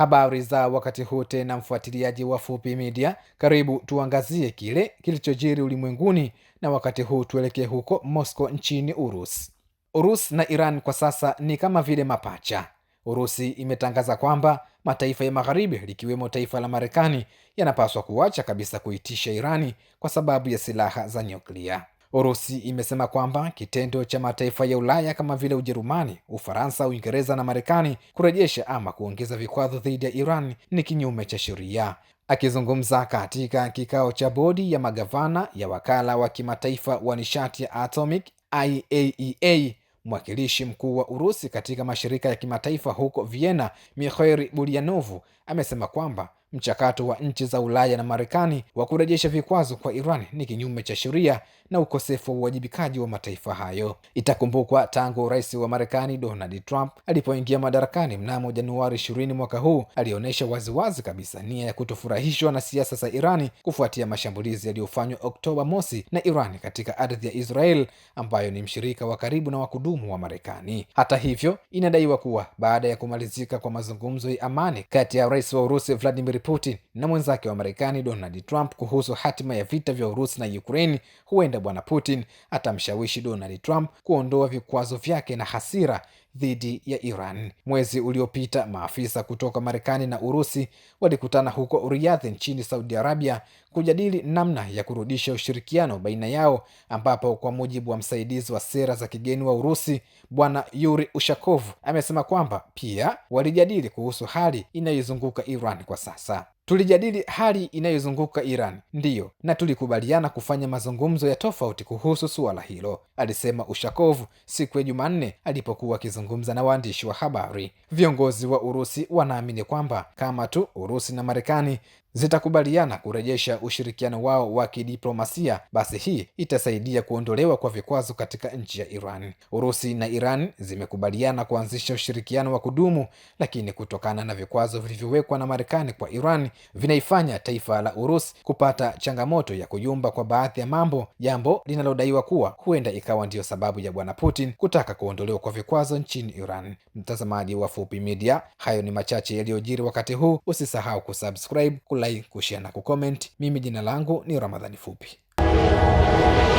Habari za wakati huu tena, mfuatiliaji wa Fupi Media, karibu tuangazie kile kilichojiri ulimwenguni, na wakati huu tuelekee huko Moscow nchini Urusi. Urusi na Iran kwa sasa ni kama vile mapacha. Urusi imetangaza kwamba mataifa ya Magharibi likiwemo taifa la Marekani yanapaswa kuacha kabisa kuitisha Irani kwa sababu ya silaha za nyuklia. Urusi imesema kwamba kitendo cha mataifa ya Ulaya kama vile Ujerumani, Ufaransa, Uingereza na Marekani kurejesha ama kuongeza vikwazo dhidi ya Iran ni kinyume cha sheria. Akizungumza katika kikao cha bodi ya magavana ya wakala wa kimataifa wa nishati ya atomic IAEA, e mwakilishi mkuu wa Urusi katika mashirika ya kimataifa huko Vienna, Mikhail bulianovu amesema kwamba Mchakato wa nchi za Ulaya na Marekani wa kurejesha vikwazo kwa Iran ni kinyume cha sheria na ukosefu wa uwajibikaji wa mataifa hayo. Itakumbukwa tangu rais wa Marekani Donald Trump alipoingia madarakani mnamo Januari ishirini mwaka huu, alionyesha waziwazi kabisa nia ya kutofurahishwa na siasa za Irani kufuatia mashambulizi yaliyofanywa Oktoba mosi na Iran katika ardhi ya Israel ambayo ni mshirika wa karibu na wa kudumu wa Marekani. Hata hivyo, inadaiwa kuwa baada ya kumalizika kwa mazungumzo ya amani kati ya rais wa Urusi Vladimir Putin na mwenzake wa Marekani Donald Trump kuhusu hatima ya vita vya Urusi na Ukraini, huenda Bwana Putin atamshawishi Donald Trump kuondoa vikwazo vyake na hasira dhidi ya Iran. Mwezi uliopita maafisa kutoka Marekani na Urusi walikutana huko Riyadh nchini Saudi Arabia kujadili namna ya kurudisha ushirikiano baina yao, ambapo kwa mujibu wa msaidizi wa sera za kigeni wa Urusi Bwana Yuri Ushakov amesema kwamba pia walijadili kuhusu hali inayoizunguka Iran kwa sasa. Tulijadili hali inayozunguka Iran, ndiyo, na tulikubaliana kufanya mazungumzo ya tofauti kuhusu suala hilo, alisema Ushakov siku ya Jumanne alipokuwa akizungumza na waandishi wa habari. Viongozi wa Urusi wanaamini kwamba kama tu Urusi na Marekani zitakubaliana kurejesha ushirikiano wao wa kidiplomasia, basi hii itasaidia kuondolewa kwa vikwazo katika nchi ya Iran. Urusi na Iran zimekubaliana kuanzisha ushirikiano wa kudumu, lakini kutokana na vikwazo vilivyowekwa na Marekani kwa Iran vinaifanya taifa la Urusi kupata changamoto ya kuyumba kwa baadhi ya mambo, jambo linalodaiwa kuwa huenda ikawa ndiyo sababu ya Bwana Putin kutaka kuondolewa kwa vikwazo nchini Iran. Mtazamaji wa Fupi Media, hayo ni machache yaliyojiri wakati huu. Usisahau kusubscribe kulike, kushare na kucomment. Mimi jina langu ni Ramadhani Fupi.